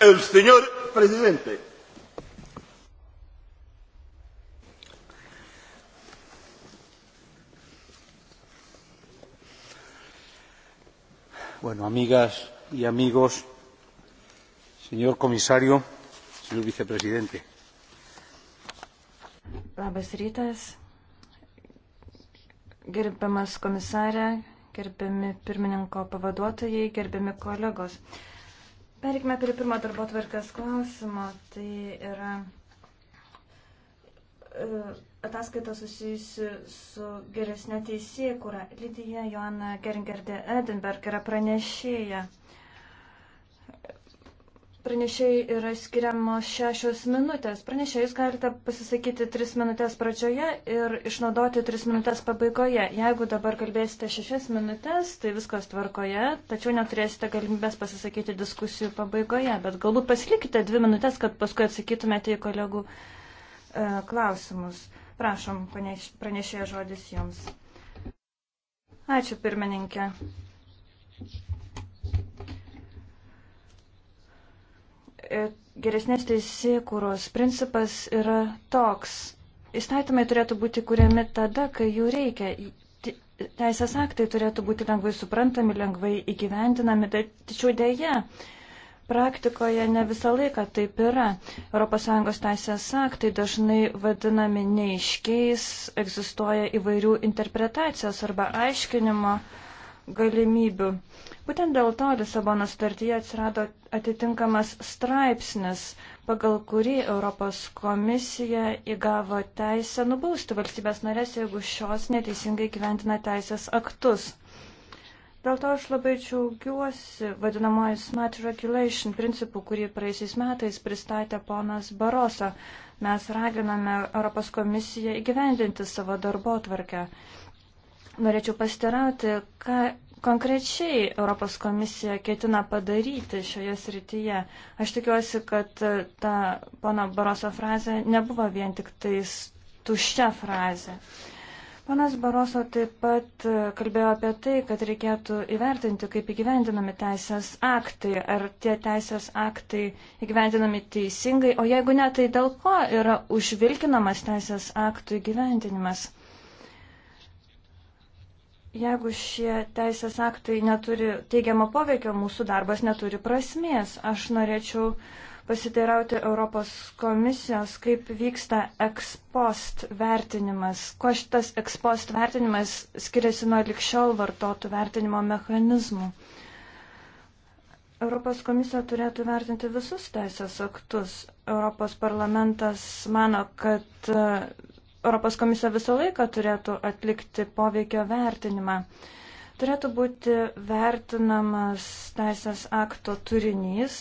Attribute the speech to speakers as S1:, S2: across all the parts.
S1: el señor presidente. Bueno, amigas y amigos, señor comisario, señor vicepresidente.
S2: Labas rytas, gerbiamas komisarė, gerbiami pirmininko pavaduotojai, gerbiami kolegos. Perikime prie pirmo darbo tvarkės klausimo. Tai yra e, ataskaita susijusi su geresnė teisėkūra. Lydija Joana Geringerdė Edinberg yra pranešėja. Pranešėjai yra skiriamos šešios minutės. Pranešėjus galite pasisakyti tris minutės pradžioje ir išnaudoti tris minutės pabaigoje. Jeigu dabar kalbėsite šešias minutės, tai viskas tvarkoje, tačiau neturėsite galimybės pasisakyti diskusijų pabaigoje. Bet galbūt pasilikite dvi minutės, kad paskui atsakytumėte į kolegų e, klausimus. Prašom, pranešėjo žodis jums. Ačiū pirmininkė. geresnės teisėkūros principas yra toks. Įstatymai turėtų būti kuriami tada, kai jų reikia. Teisės aktai turėtų būti lengvai suprantami, lengvai įgyvendinami, tačiau dėja, praktikoje ne visą laiką taip yra. ES teisės aktai dažnai vadinami neiškiais, egzistuoja įvairių interpretacijos arba aiškinimo uh, galimybių. Būtent dėl to Lisabono sutartyje atsirado atitinkamas straipsnis, pagal kurį Europos komisija įgavo teisę nubausti valstybės narės, jeigu šios neteisingai gyventina teisės aktus. Dėl to aš labai džiaugiuosi vadinamoji smart regulation principų, kurį praeisiais metais pristatė ponas Barosa. Mes raginame Europos komisiją įgyvendinti savo darbo tvarkę. Norėčiau pastirauti, ką konkrečiai Europos komisija ketina padaryti šioje srityje. Aš tikiuosi, kad ta pono Baroso frazė nebuvo vien tik tais tuščia frazė. Ponas Baroso taip pat kalbėjo apie tai, kad reikėtų įvertinti, kaip įgyvendinami teisės aktai, ar tie teisės aktai įgyvendinami teisingai, o jeigu ne, tai dėl ko yra užvilkinamas teisės aktų įgyvendinimas. Jeigu šie teisės aktai neturi teigiamo poveikio, mūsų darbas neturi prasmės. Aš norėčiau pasiteirauti Europos komisijos, kaip vyksta ekspost vertinimas, kuo šitas ekspost vertinimas skiriasi nuo likščiol vartotų vertinimo mechanizmų. Europos komisija turėtų vertinti visus teisės aktus. Europos parlamentas mano, kad Europos komisija visą laiką turėtų atlikti poveikio vertinimą. Turėtų būti vertinamas teisės akto turinys.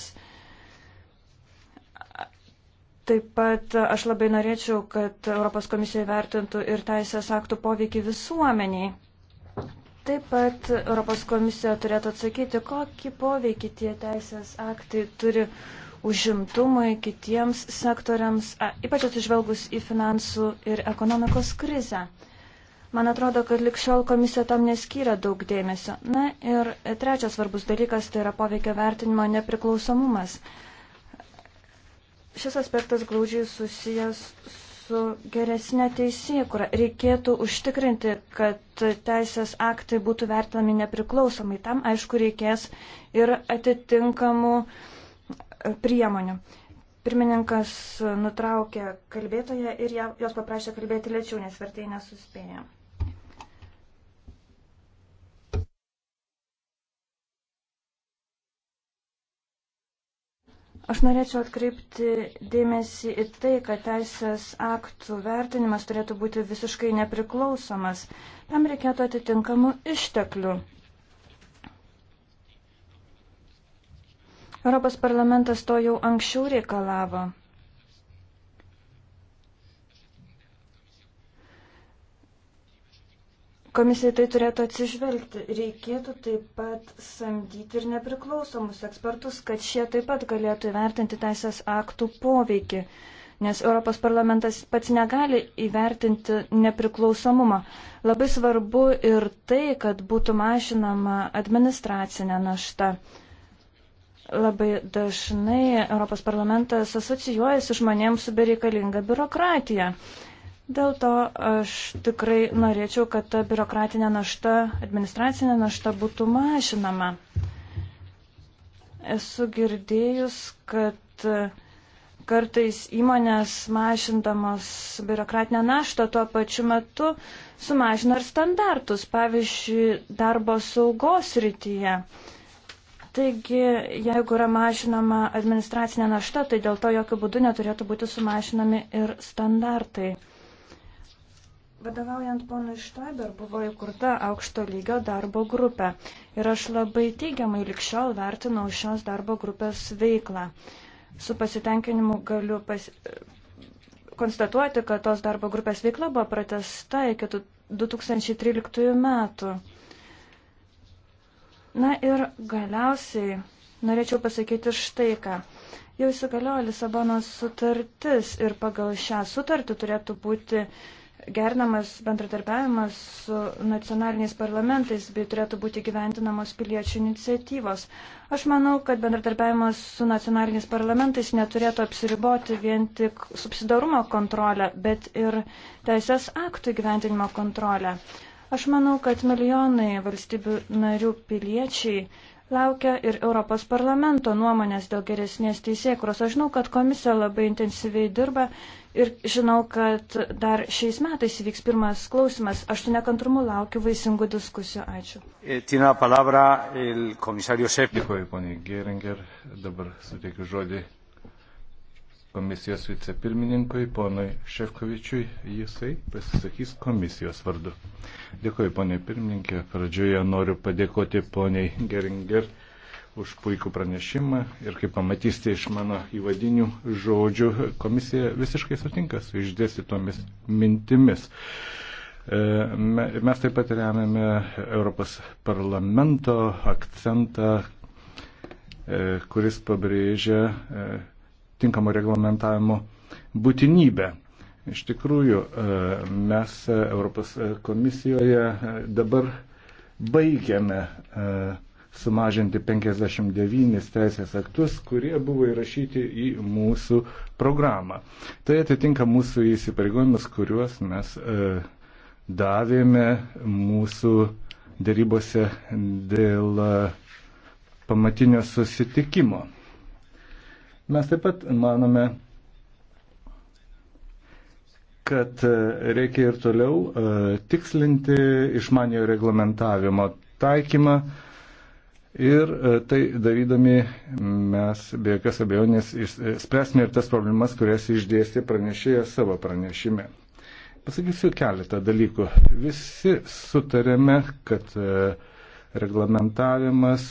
S2: Taip pat aš labai norėčiau, kad Europos komisija vertintų ir teisės aktų poveikį visuomeniai. Taip pat Europos komisija turėtų atsakyti, kokį poveikį tie teisės aktai turi užimtumui, kitiems sektoriams, a, ypač atsižvelgus į finansų ir ekonomikos krizę. Man atrodo, kad likščiol komisija tam neskyrė daug dėmesio. Na ir trečias svarbus dalykas tai yra poveikio vertinimo nepriklausomumas. Šis aspektas glaudžiai susijęs su geresnė teisėkura. Reikėtų užtikrinti, kad teisės aktai būtų vertinami nepriklausomai. Tam, aišku, reikės ir atitinkamų uh, priemonių. Pirmininkas nutraukė kalbėtoją ir jos paprašė kalbėti lėčiau, nes vertai nesuspėjo. Aš norėčiau atkreipti dėmesį į tai, kad teisės aktų vertinimas turėtų būti visiškai nepriklausomas. Tam reikėtų atitinkamų išteklių. Europos parlamentas to jau anksčiau reikalavo. Komisija tai turėtų atsižvelgti. Reikėtų taip pat samdyti ir nepriklausomus ekspertus, kad šie taip pat galėtų įvertinti teisės aktų poveikį, nes Europos parlamentas pats negali įvertinti nepriklausomumą. Labai svarbu ir tai, kad būtų mažinama administracinė našta. Labai dažnai Europos parlamentas asocijuojasi žmonėms su bereikalinga biurokratija. Dėl to aš tikrai norėčiau, kad ta biurokratinė našta, administracinė našta būtų mažinama. Esu girdėjus, kad kartais įmonės mažindamos biurokratinę naštą tuo pačiu metu sumažina ir standartus, pavyzdžiui, darbo saugos rytyje. Uh, Taigi, jeigu yra mažinama administracinė našta, tai dėl to jokių būdų neturėtų būti sumažinami ir standartai. Vadovaujant ponui Štaber buvo įkurta aukšto lygio darbo grupė ir aš labai teigiamai likščiol vertinau šios darbo grupės veiklą. Su pasitenkinimu galiu pas... konstatuoti, kad tos darbo grupės veikla buvo pratesta iki 2013 metų. Na ir galiausiai norėčiau pasakyti štai ką. Jau įsigaliojo Lisabonos sutartis ir pagal šią sutartį turėtų būti gerinamas bendradarbiavimas su nacionaliniais parlamentais, bei turėtų būti gyventinamos piliečių iniciatyvos. Aš manau, kad bendradarbiavimas su nacionaliniais parlamentais neturėtų apsiriboti vien tik subsidarumo kontrolę, bet ir teisės aktų gyventinimo kontrolę. Aš manau, kad milijonai valstybių narių piliečiai laukia ir Europos parlamento nuomonės dėl geresnės teisėkros. Aš žinau, kad komisija labai intensyviai dirba ir žinau, kad dar šiais metais įvyks pirmas klausimas. Aš su nekantrumu laukiu vaisingų diskusijų. Ačiū.
S1: E, Dėkuoju, ponė Geringer. Dabar suteikiu žodį komisijos vicepirmininkui, ponui Šefkovičiui, jisai pasisakys komisijos vardu. Dėkuoju, ponė pirmininkė. Pradžioje noriu padėkoti poniai Geringer už puikų pranešimą ir kaip pamatysite iš mano įvadinių žodžių, komisija visiškai sutinka su išdėstytomis mintimis. E, mes taip pat remiame Europos parlamento akcentą, e, kuris pabrėžia e, tinkamo reglamentavimo būtinybę. Iš tikrųjų, e, mes e, Europos e, komisijoje dabar baigiame sumažinti 59 teisės aktus, kurie buvo įrašyti į mūsų programą. Tai atitinka mūsų įsipareigojimus, kuriuos mes davėme mūsų dėrybose dėl pamatinio susitikimo. Mes taip pat manome, kad e, reikia ir toliau e, tikslinti išmanio reglamentavimo taikymą ir e, tai darydami mes be jokios abejonės spręsime ir tas problemas, kurias išdėstė pranešėjas savo pranešime. Pasakysiu keletą dalykų. Visi sutarėme, kad reglamentavimas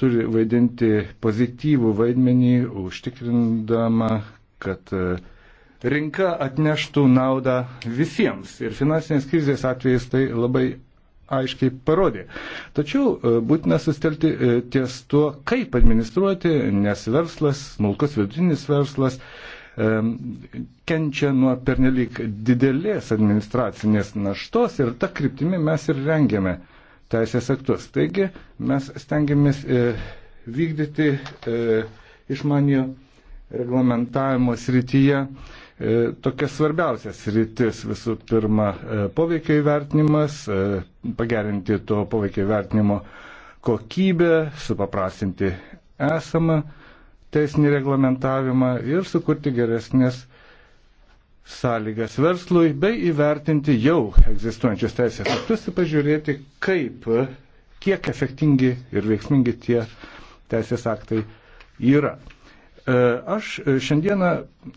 S1: turi vaidinti pozityvų vaidmenį, užtikrindama, kad e, rinka atneštų naudą visiems. Ir finansinės krizės atvejais tai labai aiškiai parodė. Tačiau e, būtina sustelti e, ties tuo, kaip administruoti, nes verslas, smulkus vidutinis verslas, kenčia nuo pernelyg didelės administracinės naštos ir tą kryptimį mes ir rengiame teisės aktus. Taigi mes stengiamės e, vykdyti e, išmanio reglamentavimo srityje e, tokias svarbiausias rytis. Visų pirma, poveikio įvertinimas, pagerinti to poveikio įvertinimo kokybę, supaprastinti esamą teisinį reglamentavimą ir sukurti geresnės sąlygas verslui, bei įvertinti jau egzistuojančius teisės aktus ir pažiūrėti, kaip, kiek efektingi ir veiksmingi tie teisės aktai yra. E, aš šiandieną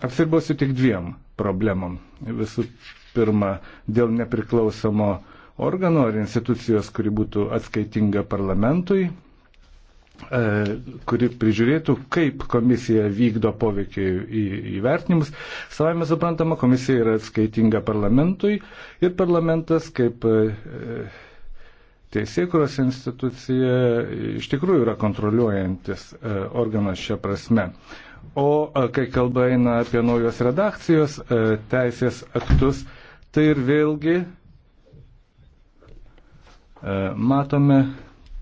S1: apsirbosiu tik dviem problemom. Visų pirma, dėl nepriklausomo organo ar institucijos, kuri būtų atskaitinga parlamentui E, kuri prižiūrėtų, kaip komisija vykdo poveikį įvertinimus. Savame suprantama, komisija yra atskaitinga parlamentui ir parlamentas kaip e, teisėkuros institucija iš tikrųjų yra kontroliuojantis e, organas šią prasme. O kai kalba eina apie naujos redakcijos teisės aktus, tai ir vėlgi matome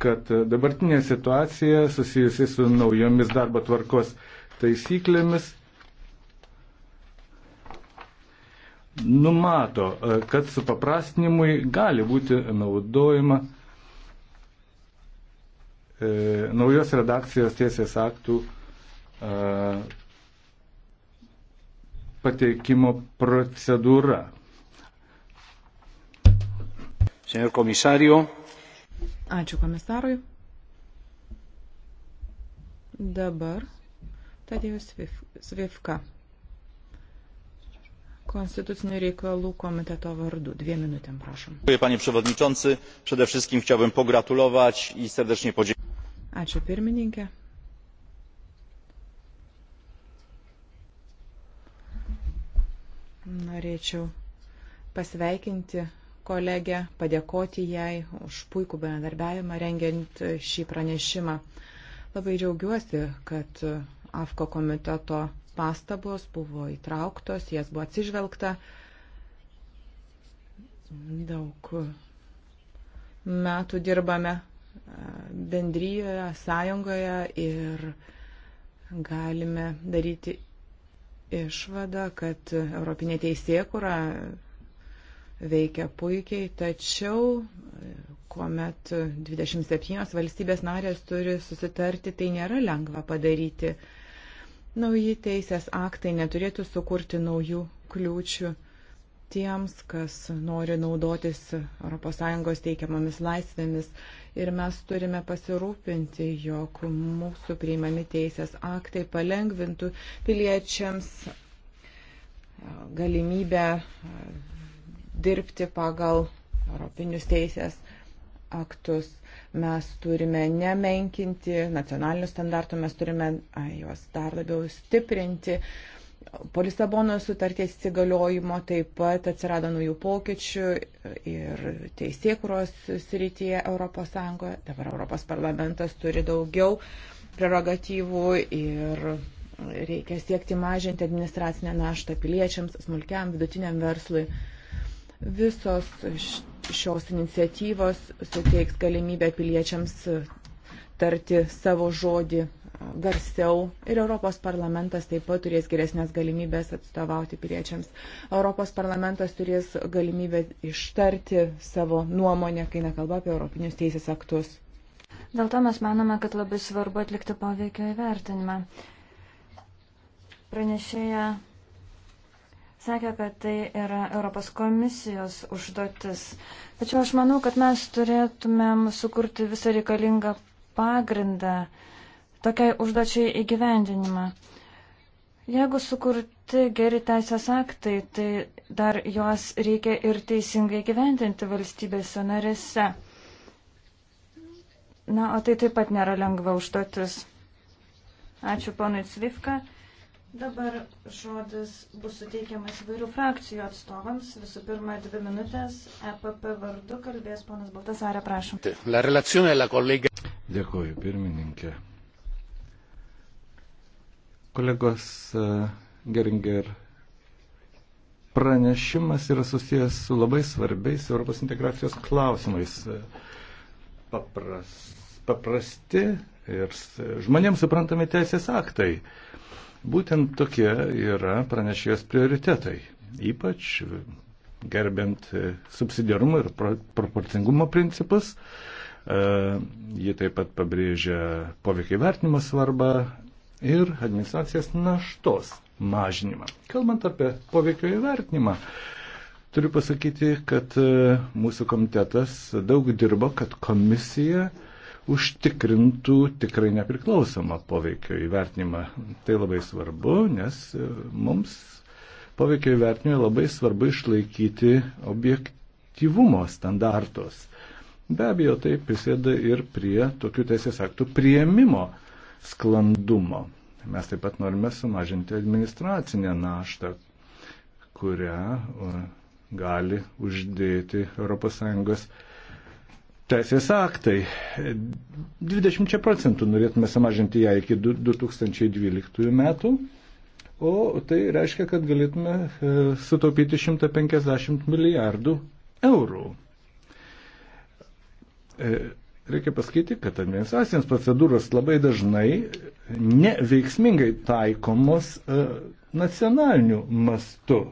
S1: kad dabartinė situacija susijusi su naujomis darbo tvarkos taisyklėmis numato, kad supaprastinimui gali būti naudojama e, naujos redakcijos tiesės aktų e, pateikimo procedūra. Señor comisario,
S3: Ačiū komisarui. Dabar Tadėjus Svifka. Konstytucinių reikalų komiteto vardu. Dviem minutėm, prašom. Panie przewodniczący, przede wszystkim chciałbym pogratulować i serdecznie podziękować. Ačiū pirmininkė. Norėčiau pasveikinti kolegę, padėkoti jai už puikų bendarbiavimą rengiant šį pranešimą. Labai džiaugiuosi, kad AFKO komiteto pastabos buvo įtrauktos, jas buvo atsižvelgta. Daug metų dirbame e, bendryjoje, sąjungoje ir galime daryti išvadą, kad Europinė teisėkura veikia puikiai, tačiau e, kuomet 27 valstybės narės turi susitarti, tai nėra lengva padaryti. Nauji teisės aktai neturėtų sukurti naujų kliūčių tiems, kas nori naudotis ES teikiamomis laisvėmis ir mes turime pasirūpinti, jog mūsų priimami teisės aktai palengvintų piliečiams e, galimybę e, dirbti pagal europinius teisės aktus. Mes turime nemenkinti nacionalinių standartų, mes turime juos dar labiau stiprinti. Po Lisabono sutarties įsigaliojimo taip pat atsirado naujų pokyčių ir teisėkuros srityje ES. Dabar Europos parlamentas turi daugiau prerogatyvų ir reikia siekti mažinti administracinę naštą piliečiams, smulkiam, vidutiniam verslui. Visos šios iniciatyvos suteiks galimybę piliečiams tarti savo žodį garsiau ir Europos parlamentas taip pat turės geresnės galimybės atstovauti piliečiams. Europos parlamentas turės galimybę ištarti savo nuomonę, kai nekalba apie Europinius teisės aktus.
S2: Dėl to mes manome, kad labai svarbu atlikti poveikio įvertinimą. Pranešėja sakė, kad tai yra Europos komisijos užduotis. Tačiau aš manau, kad mes turėtumėm sukurti visą reikalingą pagrindą tokiai užduočiai įgyvendinimą. Jeigu sukurti geri teisės aktai, tai dar juos reikia ir teisingai gyvendinti valstybėse narėse. Na, o tai taip pat nėra lengva užduotis. Ačiū ponui Cvifka. Dabar žodis bus suteikiamas įvairių frakcijų atstovams. Visų pirma, dvi minutės. EPP vardu kalbės ponas Baltasarė, prašom. La relazione della collega.
S1: Dėkuoju, pirmininkė. Kolegos e, Geringer pranešimas yra susijęs su labai svarbiais Europos integracijos klausimais. E, papras, paprasti ir žmonėms suprantami teisės aktai. Būtent tokie yra pranešėjos prioritetai, ypač gerbent subsidiarumo ir proporcingumo principus. E, ji taip pat pabrėžia poveikį vertinimo svarbą ir administracijos naštos mažinimą. Kalbant apie poveikio įvertinimą, turiu pasakyti, kad e, mūsų komitetas daug dirbo, kad komisija uh, užtikrintų tikrai nepriklausomą poveikio įvertinimą. Tai labai svarbu, nes e, mums poveikio įvertinimui labai svarbu išlaikyti objektivumo standartus. Be abejo, tai prisėda ir prie tokių teisės aktų prieimimo sklandumo. Mes taip pat norime sumažinti administracinę naštą, kurią e, gali uždėti ES teisės aktai. 20 procentų norėtume sumažinti ją iki 2012 metų, o tai reiškia, kad galėtume e, sutaupyti 150 milijardų eurų. E, reikia pasakyti, kad administracinės procedūros labai dažnai neveiksmingai taikomos e, nacionaliniu mastu.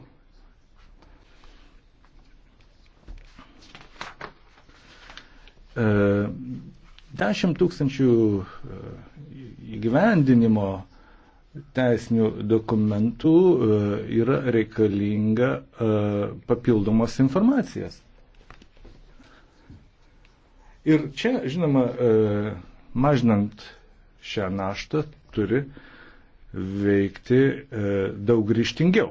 S1: 10 e, tūkstančių e, įgyvendinimo teisinių dokumentų e, yra reikalinga papildomos informacijos. Ir čia, žinoma, mažinant šią naštą turi veikti daug ryštingiau.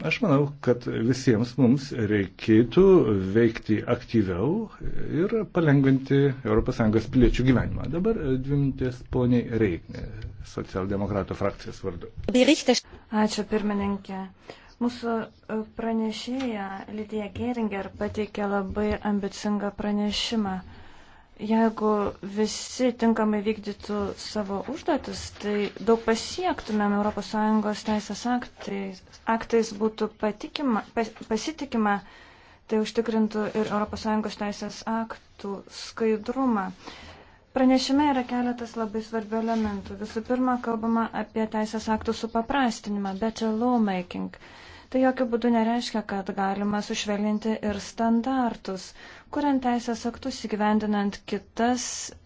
S1: Aš manau, kad visiems mums reikėtų veikti aktyviau ir palengventi ES piliečių gyvenimą. Dabar dvi minutės poniai Reiknė, socialdemokratų frakcijos vardu.
S2: Ačiū pirmininkė. Mūsų e, pranešėja Lidija Geringer pateikė labai ambicingą pranešimą. Jeigu visi tinkamai vykdytų savo užduotis, tai daug pasiektumėm ES teisės aktais, aktais būtų patikima, pas, pasitikima, tai užtikrintų ir ES teisės aktų skaidrumą. Pranešime yra keletas labai svarbių elementų. Visų pirma, kalbama apie teisės aktų supaprastinimą, better lawmaking. Tai jokių būdų nereiškia, kad galima sušvelninti ir standartus kuriant teisės aktus įgyvendinant kitas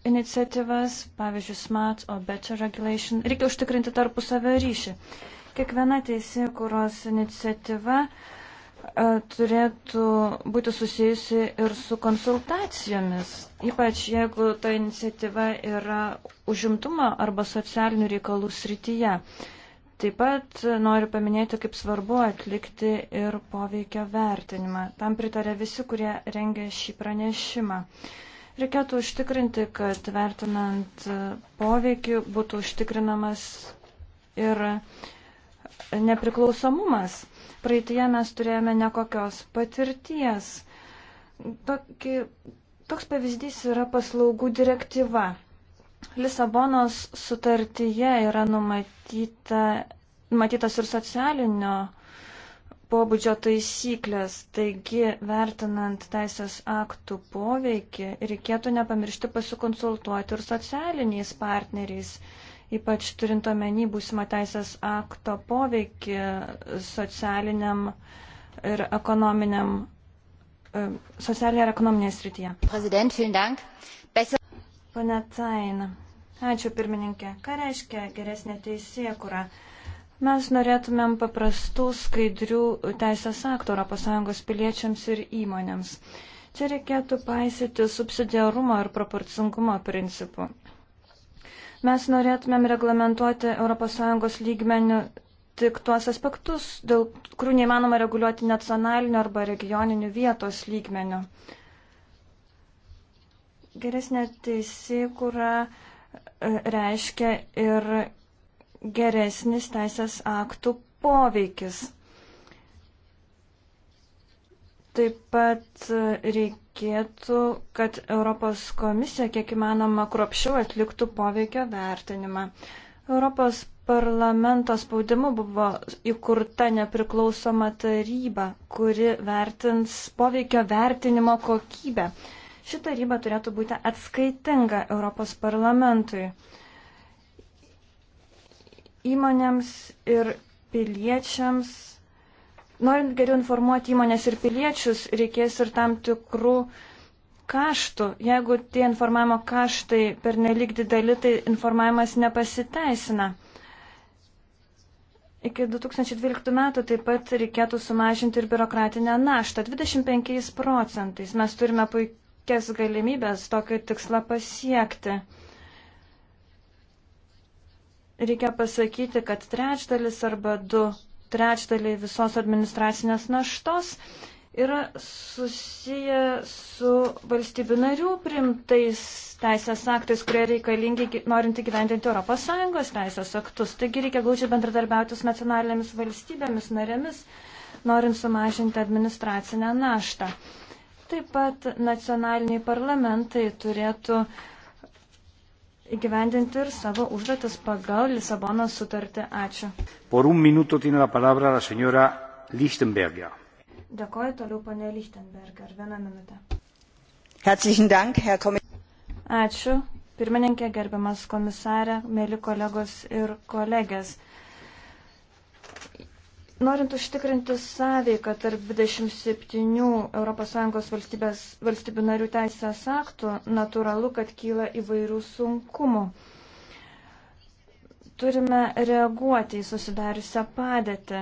S2: iniciatyvas, pavyzdžiui, Smart or Better Regulation, reikia užtikrinti tarpusavio ryšį. Kiekviena teisė, kurios iniciatyva e, turėtų būti susijusi ir su konsultacijomis, ypač jeigu ta iniciatyva yra užimtumo arba socialinių reikalų srityje. Taip pat noriu paminėti, kaip svarbu atlikti ir poveikio vertinimą. Tam pritarė visi, kurie rengė šį pranešimą. Reikėtų užtikrinti, kad vertinant poveikį būtų užtikrinamas ir nepriklausomumas. Praeitie mes turėjome nekokios patirties. Tokį, toks pavyzdys yra paslaugų direktyva. Lisabonos sutartyje yra numatyta matytas ir socialinio pobūdžio taisyklės, taigi vertinant teisės aktų poveikį, reikėtų nepamiršti pasikonsultuoti ir socialiniais partneriais, ypač turint omeny būsimą teisės akto poveikį socialiniam ir ekonominiam, e, socialinė ir ekonominė srityje. Prezident, vielen Dank. Pane Tain, ačiū pirmininkė. Ką reiškia geresnė teisėkura? kura? Mes norėtumėm paprastų, skaidrių teisės aktų ES piliečiams ir įmonėms. Čia reikėtų paisyti subsidiarumo ir proporcingumo principų. Mes norėtumėm reglamentuoti ES lygmenių tik tuos aspektus, dėl kurių neįmanoma reguliuoti nacionaliniu arba regioniniu vietos lygmeniu. Geresnė teisėkura e, reiškia ir geresnis teisės aktų poveikis. Taip pat reikėtų, kad Europos komisija kiek įmanoma kropščiau atliktų poveikio vertinimą. Europos parlamento spaudimu buvo įkurta nepriklausoma taryba, kuri vertins poveikio vertinimo kokybę. Ši taryba turėtų būti atskaitinga Europos parlamentui įmonėms ir piliečiams, norint geriau informuoti įmonės ir piliečius, reikės ir tam tikrų kaštų. Jeigu tie informavimo kaštai per nelik dideli, tai informavimas nepasiteisina. Iki 2012 metų taip pat reikėtų sumažinti ir biurokratinę naštą 25 procentais. Mes turime puikias galimybės tokį tikslą pasiekti reikia pasakyti, kad trečdalis arba du trečdaliai visos administracinės naštos yra susiję su valstybių narių primtais teisės aktais, kurie reikalingi norint įgyvendinti ES teisės aktus. Taigi reikia glaudžiai bendradarbiauti su nacionalinėmis valstybėmis narėmis, norint sumažinti administracinę naštą. Taip pat nacionaliniai parlamentai turėtų uh, įgyvendinti ir savo užduotis pagal Lisabono sutartį. Ačiū.
S1: Por un minuto tiene la palabra la señora Lichtenberger.
S2: Dėkoju toliau, ponė Lichtenberger. Vieną minutę. Herzlichen Dank, Herr Kommissar. Ačiū, pirmininkė, gerbiamas komisarė, mėly kolegos ir kolegės. Norint užtikrinti sąveiką tarp 27 ES valstybės, valstybių narių teisės aktų, natūralu, kad kyla įvairių sunkumų. Turime reaguoti į susidariusią padėtį.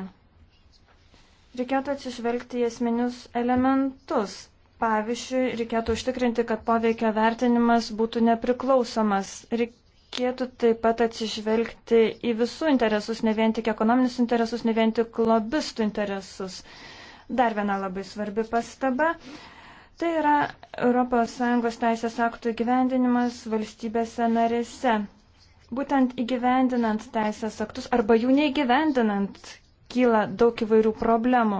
S2: Reikėtų atsižvelgti į esminius elementus. Pavyzdžiui, reikėtų užtikrinti, kad poveikia vertinimas būtų nepriklausomas. Reik reikėtų taip pat atsižvelgti į visų interesus, ne vien tik ekonominius interesus, ne vien tik lobistų interesus. Dar viena labai svarbi pastaba. Tai yra ES teisės aktų įgyvendinimas valstybėse narėse. Būtent įgyvendinant teisės aktus arba jų neįgyvendinant kyla daug įvairių problemų.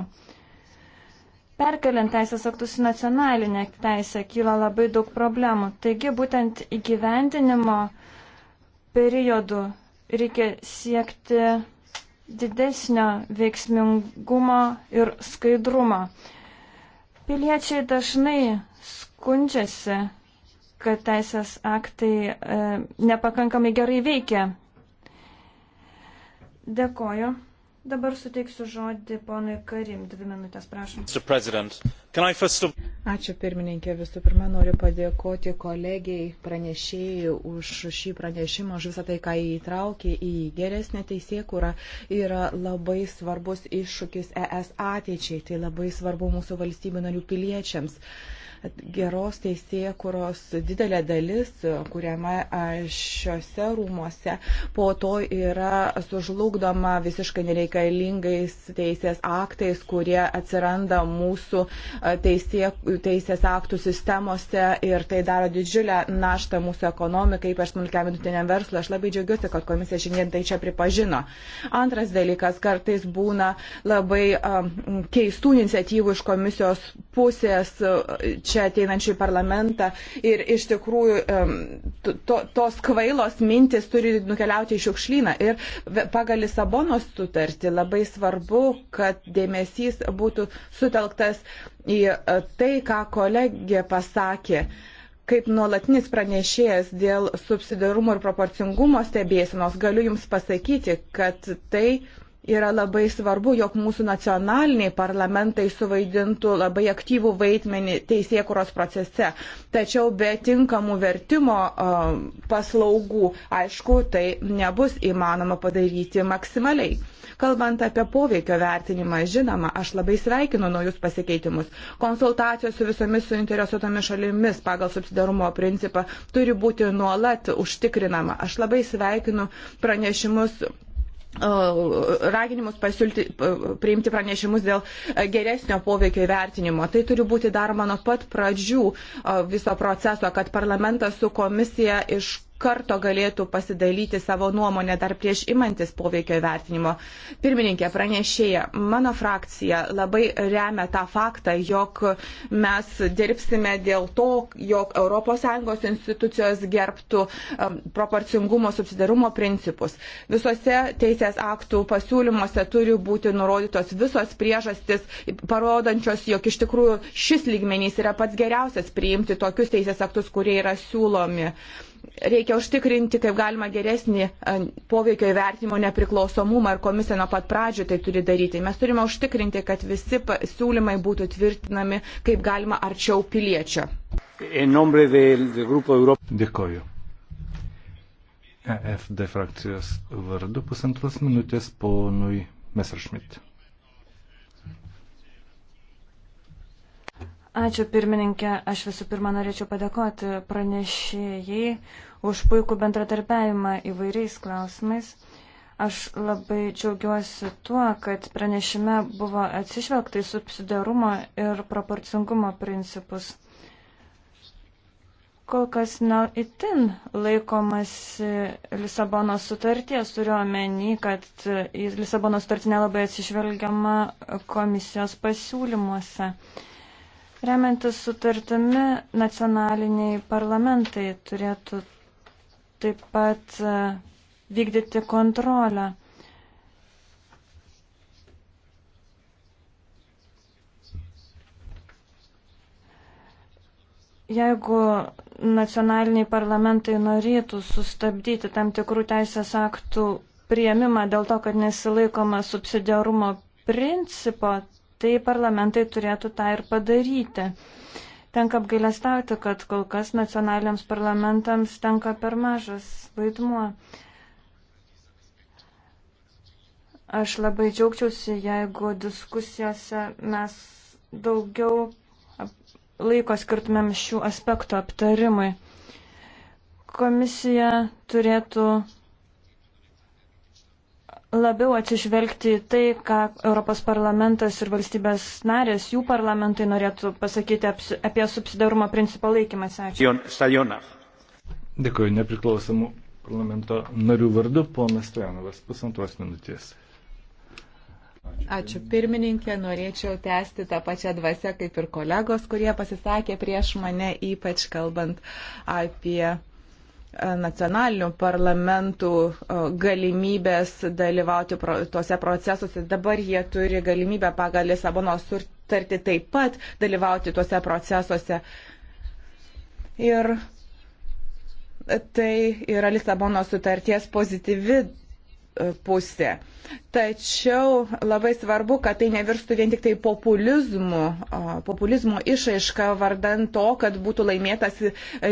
S2: Perkeliant teisės aktus į nacionalinę teisę kyla labai daug problemų. Taigi būtent įgyvendinimo uh, periodu reikia siekti didesnio veiksmingumo ir skaidrumo. Piliečiai dažnai skundžiasi, kad teisės aktai e, nepakankamai gerai veikia. Dėkoju. Dabar suteiksiu žodį ponui Karim. Dvi minutės, prašom.
S3: Ačiū pirmininkė. Visų pirma, noriu padėkoti kolegijai pranešėjai už šį pranešimą, už visą tai, ką įtraukė į geresnę teisėkurą. Yra labai svarbus iššūkis ES ateičiai, tai labai svarbu mūsų valstybių narių piliečiams. Uh, geros teisėje, kurios didelė dalis, kuriame šiuose rūmose po to yra sužlugdoma visiškai nereikalingais teisės aktais, kurie atsiranda mūsų teisė, teisės aktų sistemose ir tai daro didžiulę naštą mūsų ekonomikai, ypač smulkiam vidutiniam verslui. Aš labai džiaugiuosi, kad komisija šiandien tai čia pripažino. Antras dalykas, kartais būna labai um, keistų iniciatyvų iš komisijos pusės. Uh, čia ateinančių į parlamentą ir iš tikrųjų to, tos kvailos mintis turi nukeliauti į šiukšlyną. Ir pagal Lisabonos sutartį labai svarbu, kad dėmesys būtų sutelktas į e, tai, ką kolegė pasakė kaip nuolatinis pranešėjas dėl subsidarumo ir proporcingumo stebėsinos, galiu Jums pasakyti, kad tai yra labai svarbu, jog mūsų nacionaliniai parlamentai suvaidintų labai aktyvų vaidmenį teisėkuros procese. Tačiau be tinkamų vertimo paslaugų, aišku, tai nebus įmanoma padaryti maksimaliai. Kalbant apie poveikio vertinimą, žinoma, aš labai sveikinu naujus pasikeitimus. Konsultacijos su visomis suinteresuotomis šalimis pagal subsidarumo principą turi būti nuolat užtikrinama. Aš labai sveikinu pranešimus raginimus pasiūlyti, priimti pranešimus dėl e, geresnio poveikio įvertinimo. Tai turi būti daroma nuo pat pradžių viso proceso, kad parlamentas su komisija iš karto galėtų pasidalyti savo nuomonę dar prieš imantis poveikio įvertinimo. Pirmininkė, pranešėja, mano frakcija labai remia tą faktą, jog mes dirbsime dėl to, jog ES institucijos gerbtų um, proporcingumo subsidarumo principus. Visose teisės aktų pasiūlymuose turi būti nurodytos visos priežastis, parodančios, jog iš tikrųjų šis lygmenys yra pats geriausias priimti tokius teisės aktus, kurie yra siūlomi reikia užtikrinti kaip galima geresnį poveikio įvertinimo nepriklausomumą ir komisija nuo pat pradžių tai turi daryti. Mes turime užtikrinti, kad visi siūlymai būtų tvirtinami kaip galima arčiau piliečio.
S1: Dėkoju. EFD frakcijos vardu pusantros minutės ponui Messerschmidt.
S2: Ačiū pirmininkė. Aš visų pirma norėčiau padėkoti pranešėjai už puikų bendradarbiavimą įvairiais klausimais. Aš labai džiaugiuosi tuo, kad pranešime buvo atsižvelgta į subsidiarumo ir proporcingumo principus. Kol kas neitin laikomas Lisabono sutarties, turiuomenį, kad į Lisabono sutartį nelabai atsižvelgiama komisijos pasiūlymuose. Remiantis sutartimi, nacionaliniai parlamentai turėtų taip pat e, vykdyti kontrolę. Jeigu nacionaliniai parlamentai norėtų sustabdyti tam tikrų teisės aktų prieimimą dėl to, kad nesilaikoma subsidiarumo principo, tai parlamentai turėtų tą ir padaryti. Tenka apgailestauti, kad kol kas nacionaliniams parlamentams tenka per mažas vaidmuo. Aš labai džiaugčiausi, jeigu diskusijose mes daugiau laiko skirtumėm šių aspektų aptarimui. Komisija turėtų labiau atsižvelgti į tai, ką Europos parlamentas ir valstybės narės, jų parlamentai norėtų pasakyti apie subsidarumo principą laikymąsi. Ačiū.
S1: Dėkuoju nepriklausomų parlamento narių vardu, ponas Stojanovas, pusantros minutės.
S3: Ačiū pirmininkė, norėčiau tęsti tą pačią dvasę kaip ir kolegos, kurie pasisakė prieš mane, ypač kalbant apie nacionalinių parlamentų galimybės dalyvauti tuose procesuose. Dabar jie turi galimybę pagal Lisabonos sutartį taip pat dalyvauti tuose procesuose. Ir tai yra Lisabonos sutarties pozityvi E, pusė. Tačiau labai svarbu, kad tai nevirstų vien tik tai populizmu, populizmo išaiška vardan to, kad būtų laimėtas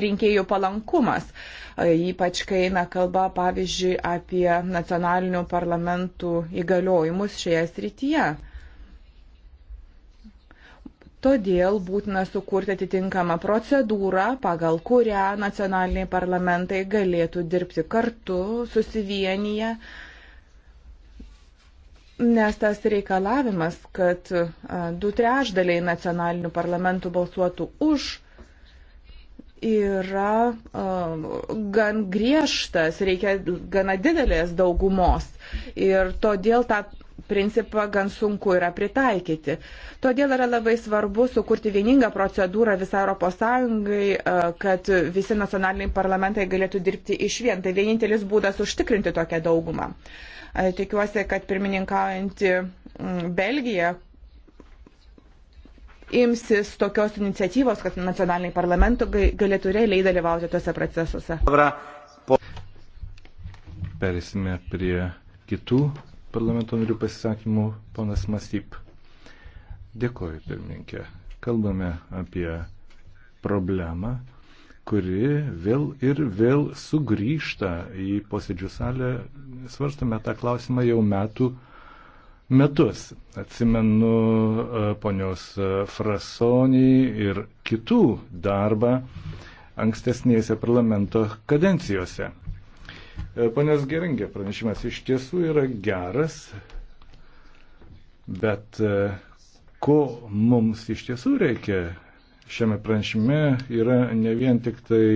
S3: rinkėjų palankumas. Ypač kai eina kalba, pavyzdžiui, apie nacionalinių parlamentų įgaliojimus šioje srityje. Todėl būtina sukurti atitinkamą procedūrą, pagal kurią nacionaliniai parlamentai galėtų dirbti kartu, susivienyje Nes tas reikalavimas, kad du trešdaliai nacionalinių parlamentų balsuotų už, yra gan griežtas, reikia gana didelės daugumos. Ir todėl tą principą gan sunku yra pritaikyti. Todėl yra labai svarbu sukurti vieningą procedūrą visą ES, e, kad visi nacionaliniai parlamentai galėtų dirbti iš vien. Tai vienintelis būdas užtikrinti tokią daugumą. E, tikiuosi, kad pirmininkaujanti Belgija imsis tokios iniciatyvos, kad nacionaliniai parlamentai galėtų realiai dalyvauti tuose procesuose.
S1: Perėsime prie kitų parlamento narių pasisakymų, ponas Masyp. Dėkoju, pirmininkė. Kalbame apie problemą, kuri vėl ir vėl sugrįžta į posėdžių salę. Svarstame tą klausimą jau metų metus. Atsimenu e, ponios e, Frasonį ir kitų darbą ankstesnėse parlamento kadencijose. E, ponios Geringė pranešimas iš tiesų yra geras, bet e, ko mums iš tiesų reikia šiame pranešime yra ne vien tik tai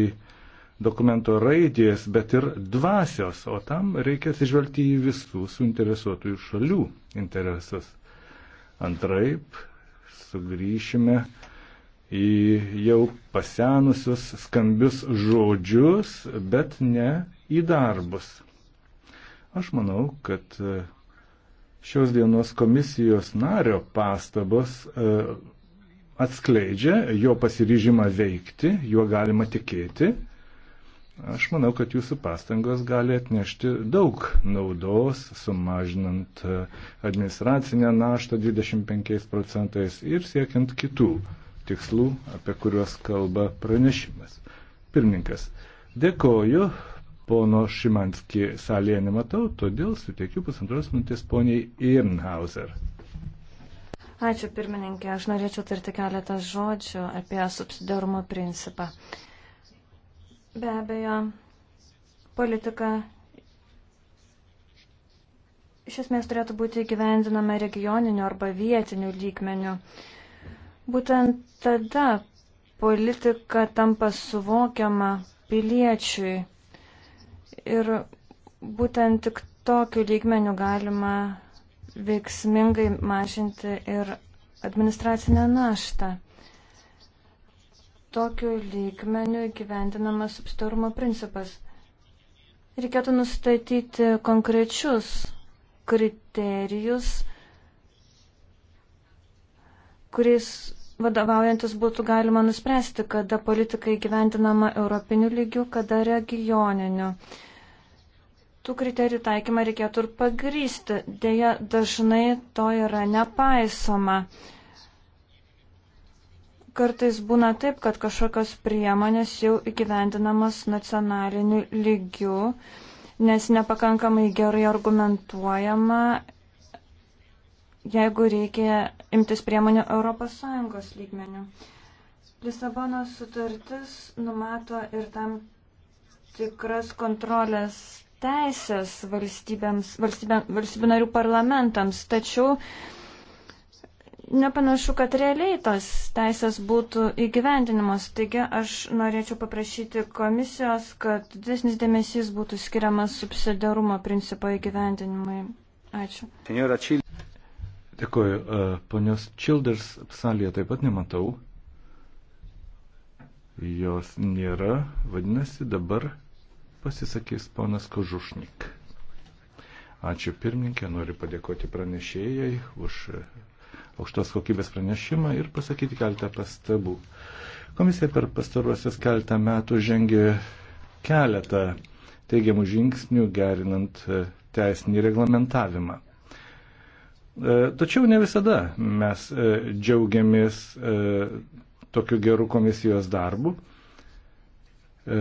S1: dokumento raidės, bet ir dvasios, o tam reikia atsižvelgti į visų suinteresuotųjų šalių interesus. Antraip, sugrįšime į jau pasenusius skambius žodžius, bet ne į darbus. Aš manau, kad e, šios dienos komisijos nario pastabos e, atskleidžia jo pasiryžimą veikti, juo galima tikėti. Aš manau, kad jūsų pastangos gali atnešti daug naudos, sumažinant e, administracinę naštą 25 procentais ir siekiant kitų tikslų, apie kuriuos kalba pranešimas. Pirmininkas, dėkoju Pono Šimanski salėje nematau, todėl suteikiu pusantros minutės poniai Irnhauser.
S2: Ačiū pirmininkė, aš norėčiau tarti keletą žodžių apie subsidiarumo principą. Be abejo, politika iš esmės turėtų būti gyvendinama regioniniu arba vietiniu lygmeniu. Būtent tada politika tampa suvokiama piliečiui. Ir būtent tik tokiu lygmeniu galima veiksmingai mažinti ir administracinę naštą. Tokiu lygmeniu įgyvendinamas subsidarumo principas. Reikėtų nustatyti konkrečius kriterijus, kuriais vadovaujantis būtų galima nuspręsti, kada politika įgyvendinama europiniu lygiu, kada regioniniu lygiu tų kriterijų taikymą reikėtų ir pagrysti. Deja, dažnai to yra nepaisoma. Kartais būna taip, kad kažkokios priemonės jau įgyvendinamas nacionaliniu lygiu, nes nepakankamai gerai argumentuojama, jeigu reikia imtis priemonių ES lygmenių. Lisabonos sutartis numato ir tam tikras kontrolės teisės valstybėms, valstybė, valstybių narių parlamentams, tačiau nepanašu, kad realiai tos teisės būtų įgyvendinamos. Taigi aš norėčiau paprašyti komisijos, kad didesnis dėmesys būtų skiriamas subsidiarumo principo įgyvendinimui. Ačiū.
S1: Dėkuoju. E, ponios Childers salėje taip pat nematau. Jos nėra. Vadinasi, dabar pasisakys ponas Kožušnik. Ačiū pirmininkė, noriu padėkoti pranešėjai už e, aukštos kokybės pranešimą ir pasakyti keletą pastabų. Komisija per pastaruosius keletą metų žengė keletą teigiamų žingsnių gerinant e, teisinį reglamentavimą. E, tačiau ne visada mes džiaugiamės tokiu geru komisijos darbu. E,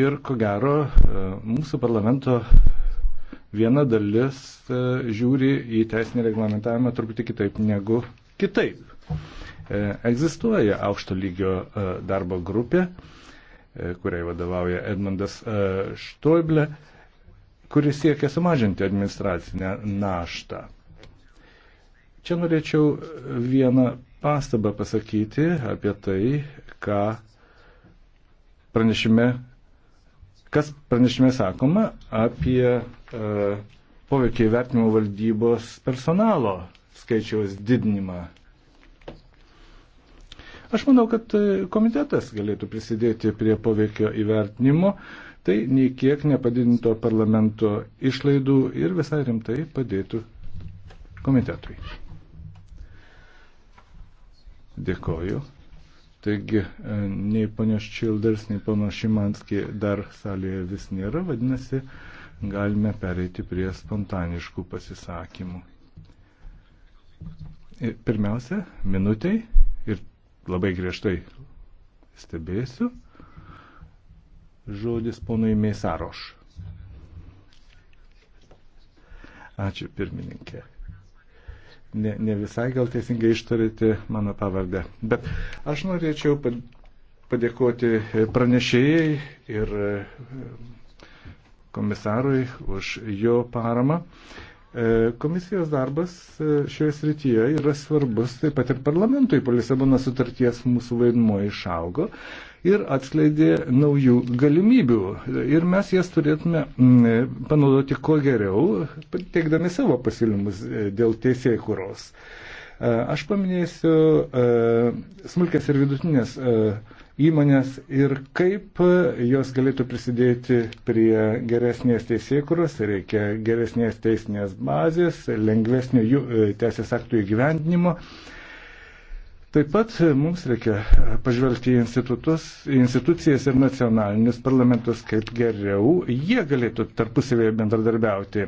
S1: ir ko gero, e, mūsų parlamento viena dalis e, žiūri į teisinį reglamentavimą truputį kitaip negu kitaip. Egzistuoja aukšto lygio darbo grupė, kuriai vadovauja Edmundas Štoiblė, kuris siekia sumažinti administracinę naštą. Čia norėčiau vieną pastabą pasakyti apie tai, ką pranešime, kas pranešime sakoma apie e, poveikio įvertinimo valdybos personalo skaičiaus didinimą. Aš manau, kad e, komitetas galėtų prisidėti prie poveikio įvertinimo, tai nei kiek nepadidinto parlamento išlaidų ir visai rimtai padėtų komitetui. Dėkoju. Taigi e, nei ponios Childers, nei ponios Šimanski dar salėje vis nėra, vadinasi, galime pereiti prie spontaniškų pasisakymų. Ir e, pirmiausia, minutiai ir labai griežtai stebėsiu. Žodis ponui Meisaroš. Ačiū pirmininkė ne, ne visai gal teisingai ištarėte mano pavardę. Bet aš norėčiau padėkoti pranešėjai ir komisarui už jo paramą. E, komisijos darbas e, šioje srityje yra svarbus taip pat ir parlamentui. Po Lisabono sutarties mūsų vaidmuo išaugo ir atskleidė naujų galimybių. Ir mes jas turėtume mm, panaudoti kuo geriau, teikdami savo pasiūlymus e, dėl teisėjų kuros. E, aš paminėsiu e, smulkės ir vidutinės įmonės ir kaip jos galėtų prisidėti prie geresnės teisėkuros, reikia geresnės teisinės bazės, lengvesnio jų teisės aktų įgyvendinimo. Taip pat e, mums reikia e, pažvelgti į, į institucijas ir nacionalinius parlamentus, kaip geriau jie galėtų tarpusavėje bendradarbiauti.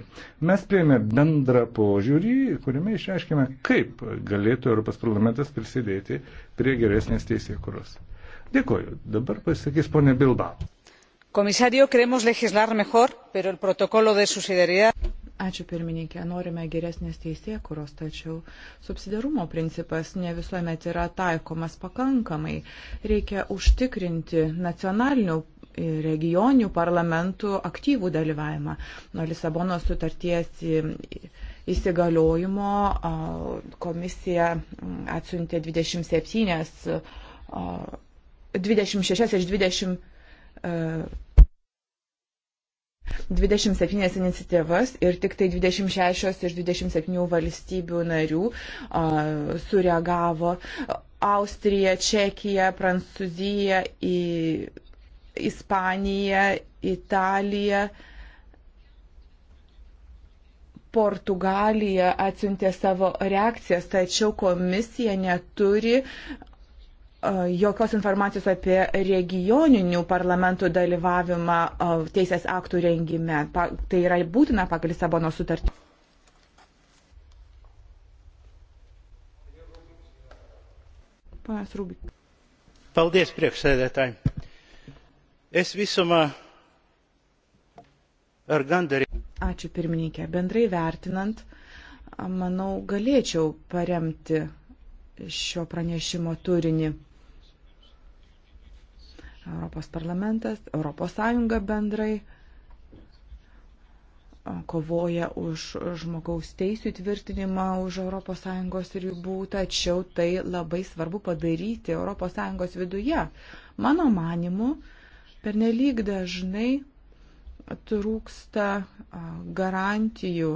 S1: Mes prieėmė bendrą požiūrį, kuriame išreiškime, kaip galėtų Europos parlamentas prisidėti prie geresnės teisėkuros. Dėkoju. Dabar pasakys ponė Bilbao.
S3: Komisario, queremos legislar mejor, pero el protocolo de subsidiariedad. Ačiū pirmininkė, norime geresnės teisėkuros, tačiau subsidarumo principas ne visuomet yra taikomas pakankamai. Reikia užtikrinti nacionalinių e, regioninių parlamentų aktyvų dalyvavimą. Nuo Lisabonos sutarties e, įsigaliojimo komisija atsiuntė 27, 26 iš 20 27 iniciatyvas ir tik tai 26 iš 27 valstybių narių a, sureagavo. Austrija, Čekija, Prancūzija, į, Ispanija, Italija. Portugalija atsiuntė savo reakcijas, tačiau komisija neturi jokios informacijos apie regioninių parlamentų dalyvavimą teisės aktų rengime. Tai yra būtina pagal Lisabono sutartį. Panas Rubik.
S1: Paldies, priekšsēdētāji. Es visumā ar gandarīju.
S3: Ačiū pirmininkė. Bendrai vertinant, manau, galėčiau paremti šio pranešimo turinį. Europos parlamentas, Europos Sąjunga bendrai kovoja už žmogaus teisų įtvirtinimą už ES ribų, tačiau tai labai svarbu padaryti ES viduje. Mano manimu, pernelyg dažnai trūksta garantijų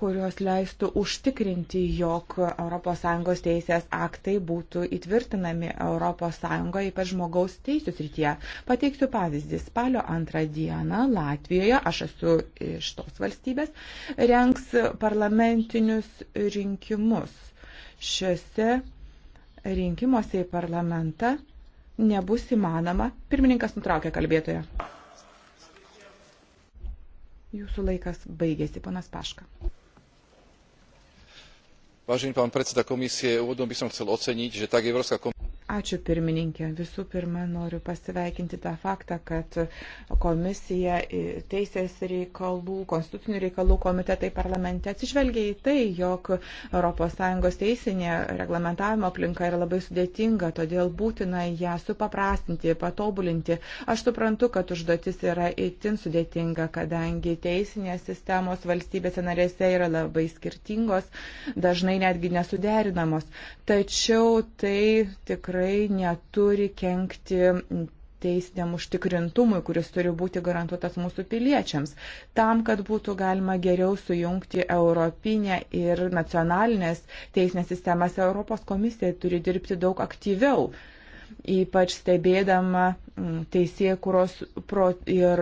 S3: kurios leistų užtikrinti, jog ES teisės aktai būtų įtvirtinami ES, ypač žmogaus teisų srityje. Pateiksiu pavyzdį. Spalio antrą dieną Latvijoje, aš esu iš tos valstybės, rengs parlamentinius rinkimus. Šiuose rinkimuose į parlamentą nebus įmanoma. Pirmininkas nutraukė kalbėtoje. Jūsų laikas baigėsi, panas Paška
S1: vážený pán predseda komisie úvodom by som chcel oceniť že tak európska komisia
S3: Ačiū pirmininkė. Visų pirma, noriu pasiveikinti tą faktą, kad komisija, teisės reikalų, konstitucinių reikalų komitetai parlamente atsižvelgia į tai, jog ES teisinė reglamentavimo aplinka yra labai sudėtinga, todėl būtina ją supaprastinti, patobulinti. Aš suprantu, kad užduotis yra itin sudėtinga, kadangi teisinės sistemos valstybėse narėse yra labai skirtingos, dažnai netgi nesuderinamos. Tačiau tai tikrai tikrai neturi kenkti teisiniam užtikrintumui, kuris turi būti garantuotas mūsų piliečiams, tam, kad būtų galima geriau sujungti europinę ir nacionalinės teisinės sistemas, Europos komisija turi dirbti daug aktyviau ypač stebėdama mm, teisėkuros pro, ir,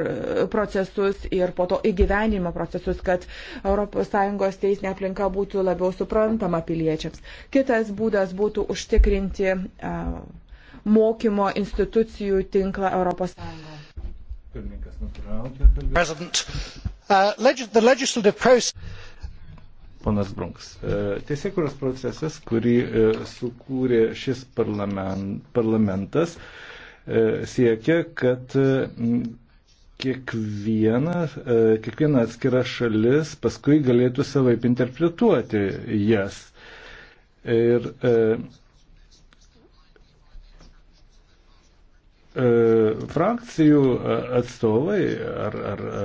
S3: procesus ir po to įgyvenimo procesus, kad ES teisinė aplinka būtų labiau suprantama piliečiams. Kitas būdas būtų užtikrinti uh, mokymo institucijų tinklą ES.
S1: Pirmininkas nutraukė. Ponas Brunks, e, teisėkuros procesas, kurį e, sukūrė šis parlamentas, e, siekia, kad kiekviena, kiekviena atskira šalis paskui galėtų savaip interpretuoti jas. Ir E, frakcijų e, atstovai ar, ar e,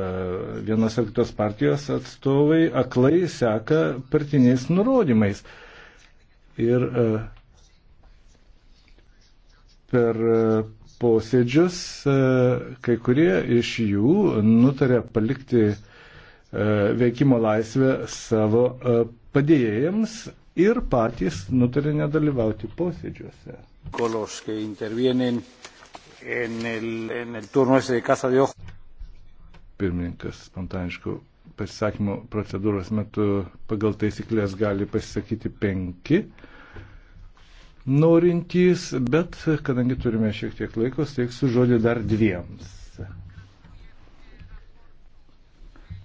S1: vienos ar kitos partijos atstovai aklai seka partiniais nurodymais. Ir per posėdžius kai kurie iš jų nutarė palikti veikimo laisvę savo padėjėjams ir patys nutarė nedalyvauti posėdžiuose. Kolos, en el, en el turno ese de caza de ojo. Pirmininkas spontaniškų pasisakymų procedūros metu pagal taisyklės gali pasisakyti penki norintys, bet kadangi turime šiek tiek laiko, steiksiu žodį dar dviems.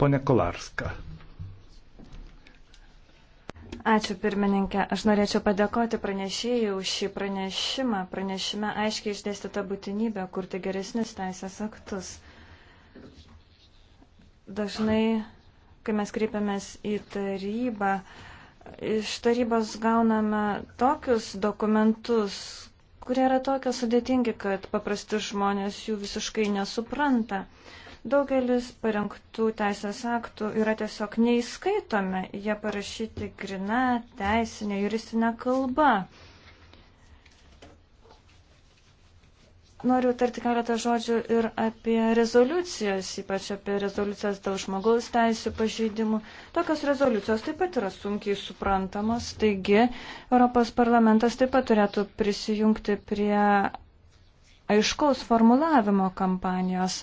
S1: Pone Kolarska.
S2: Ačiū pirmininkė. Aš norėčiau padėkoti pranešėjai už šį pranešimą. Pranešime aiškiai išdėstyta būtinybė kurti geresnius teisės aktus. Dažnai, kai mes kreipiamės į tarybą, iš tarybos gauname tokius dokumentus, kurie yra tokie sudėtingi, kad paprasti žmonės jų visiškai nesupranta. Daugelis parengtų teisės aktų yra tiesiog neįskaitomi, jie parašyti grina teisinė juristinė kalba. Noriu tarti keletą žodžių ir apie rezoliucijas, ypač apie rezoliucijas dėl žmogaus teisų pažeidimų. Tokios rezoliucijos taip pat yra sunkiai suprantamos, taigi Europos parlamentas taip pat turėtų prisijungti prie aiškaus formulavimo kampanijos.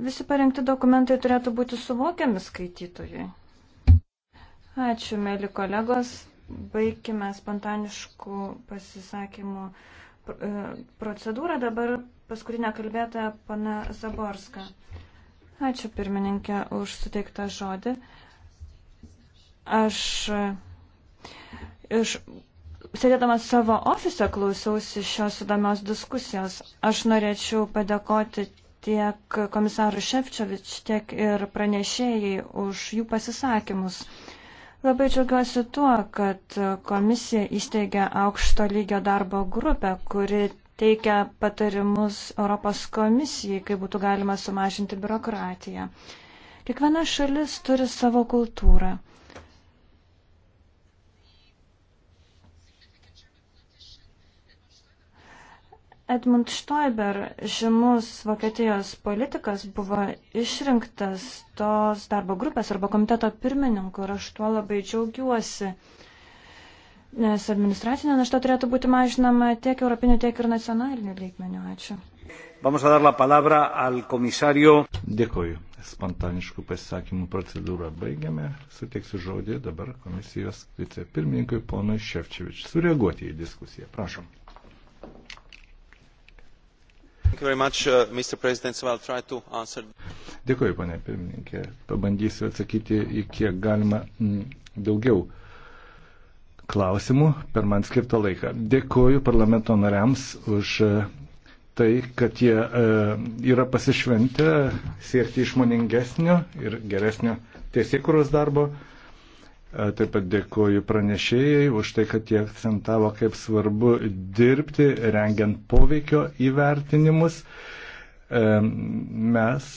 S2: Visi parengti dokumentai turėtų būti suvokiami skaitytojui. Ačiū, mėly kolegos. Baigime spontaniškų pasisakymų e, procedūrą. Dabar paskutinę kalbėtoją, pana Zaborska. Ačiū, pirmininkė, už suteiktą žodį. Aš e, iš sėdėdamas savo ofise klausiausi šios įdomios diskusijos. Aš norėčiau padėkoti tiek komisarų Šefčiovič, tiek ir pranešėjai už jų pasisakymus. Labai džiaugiuosi tuo, kad komisija įsteigė aukšto lygio darbo grupę, kuri teikia patarimus Europos komisijai, kaip būtų galima sumažinti biurokratiją. Kiekviena šalis turi savo kultūrą. Edmund Stoiber, žymus Vokietijos politikas, buvo išrinktas tos darbo grupės arba komiteto pirmininku ir aš tuo labai džiaugiuosi, nes administracinė našta turėtų būti mažinama tiek europiniu, tiek ir nacionaliniu lygmeniu. Ačiū.
S1: Vamos a dar la palabra al komisario. Dėkoju. Spontaniškų pasisakymų procedūrą baigiame. Suteiksiu žodį dabar komisijos vicepirmininkui ponui Ševčevičiui. Sureaguoti į diskusiją. Prašom.
S2: Uh, so
S1: Dėkuoju, ponė pirmininkė. Pabandysiu atsakyti į kiek galima mm, daugiau klausimų per man skirtą laiką. Dėkuoju parlamento nariams už e, tai, kad jie e, yra pasišventę siekti išmoningesnio ir geresnio tiesiekuros darbo. Taip pat dėkoju pranešėjai už tai, kad jie akcentavo, kaip svarbu dirbti, rengiant poveikio įvertinimus. Mes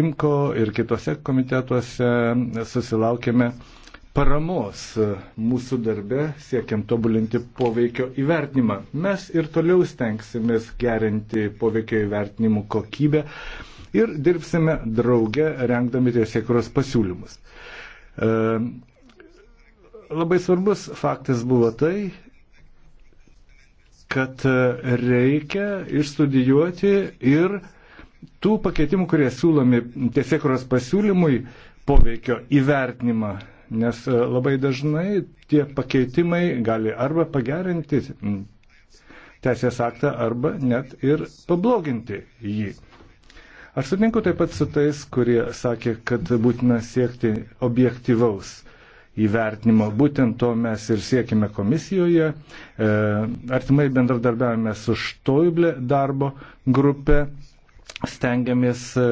S1: IMKO ir kitose komitetuose susilaukėme paramos mūsų darbe siekiant tobulinti poveikio įvertinimą. Mes ir toliau stengsimės gerinti poveikio įvertinimų kokybę ir dirbsime drauge, rengdami tiesiekros pasiūlymus labai svarbus faktas buvo tai, kad reikia išstudijuoti ir tų pakeitimų, kurie siūlomi tiesiekros pasiūlymui, poveikio įvertinimą. Nes e, labai dažnai tie pakeitimai gali arba pagerinti teisės aktą, arba net ir pabloginti jį. Aš sutinku taip pat su tais, kurie sakė, kad būtina siekti objektivaus įvertinimo. Būtent to mes ir siekime komisijoje. E, artimai bendradarbiavame su Štoiblė darbo grupė, stengiamės e,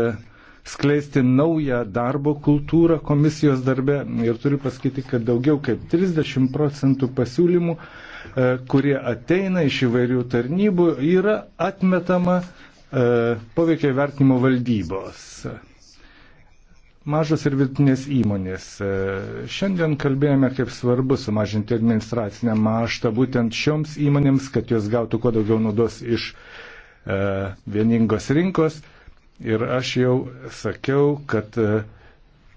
S1: skleisti naują darbo kultūrą komisijos darbe ir turiu pasakyti, kad daugiau kaip 30 procentų pasiūlymų, e, kurie ateina iš įvairių tarnybų, yra atmetama e, poveikio vertinimo valdybos. Mažos ir vidutinės įmonės. E, šiandien kalbėjome, kaip svarbu sumažinti administracinę maštą būtent šioms įmonėms, kad jos gautų kuo daugiau naudos iš e, vieningos rinkos. Ir aš jau sakiau, kad e,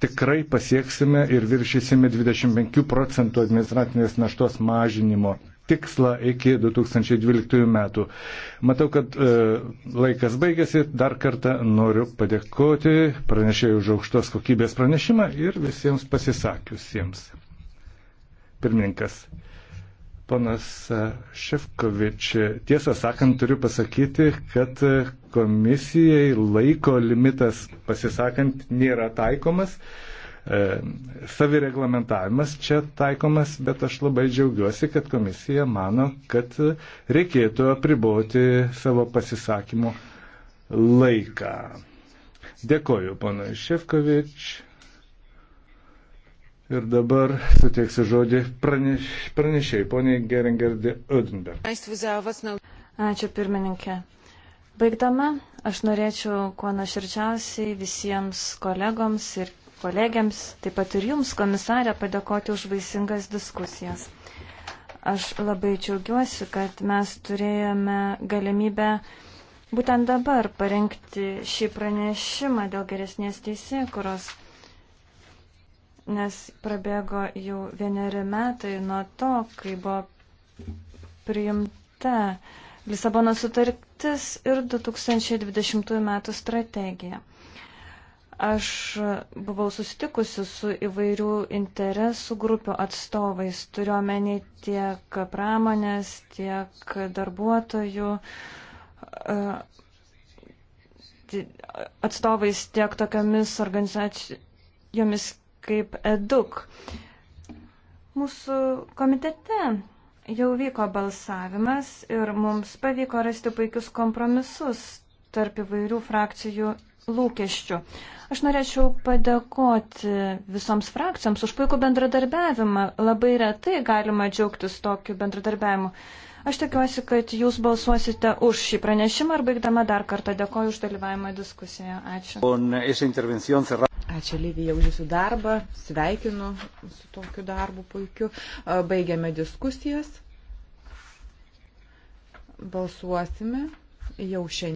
S1: tikrai pasieksime ir viršysime 25 procentų administracinės naštos mažinimo tikslą iki 2012 metų. Matau, kad e, laikas baigėsi. Dar kartą noriu padėkoti pranešėjai už aukštos kokybės pranešimą ir visiems pasisakiusiems. Pirmininkas. Ponas e, Šefkovič, tiesą sakant, turiu pasakyti, kad e, komisijai laiko limitas pasisakant nėra taikomas. E, savireglamentavimas čia taikomas, bet aš labai džiaugiuosi, kad komisija mano, kad reikėtų apriboti savo pasisakymų laiką. Dėkoju, ponai Šefkovič. Ir dabar suteiksiu žodį praneš, pranešiai, poniai Geringerdė Udenberg.
S2: Ačiū pirmininkė. Baigdama, aš norėčiau kuo nuoširdžiausiai visiems kolegoms ir kolegiams, taip pat ir jums, komisarė, padėkoti už vaisingas diskusijas. Aš labai džiaugiuosi, kad mes turėjome galimybę būtent dabar parengti šį pranešimą dėl geresnės teisėkuros, nes prabėgo jau vieneri metai nuo to, kai buvo priimta Lisabono sutartis ir 2020 m. strategija. Aš buvau susitikusi su įvairių interesų grupių atstovais, turiuomenį tiek pramonės, tiek darbuotojų e, atstovais, tiek tokiamis organizacijomis kaip EDUK. Mūsų komitete jau vyko balsavimas ir mums pavyko rasti puikius kompromisus tarp įvairių frakcijų lūkesčių. Aš norėčiau padėkoti visoms frakcijoms už puikų bendradarbiavimą. Labai retai galima džiaugtis tokiu bendradarbiavimu. Aš tikiuosi, kad jūs balsuosite už šį pranešimą ir baigdama dar kartą dėkoju už dalyvavimą diskusijoje.
S3: Ačiū. Ačiū Lyvija už jūsų darbą. Sveikinu su tokiu darbu puikiu. Baigiame diskusijas. Balsuosime jau šiandien.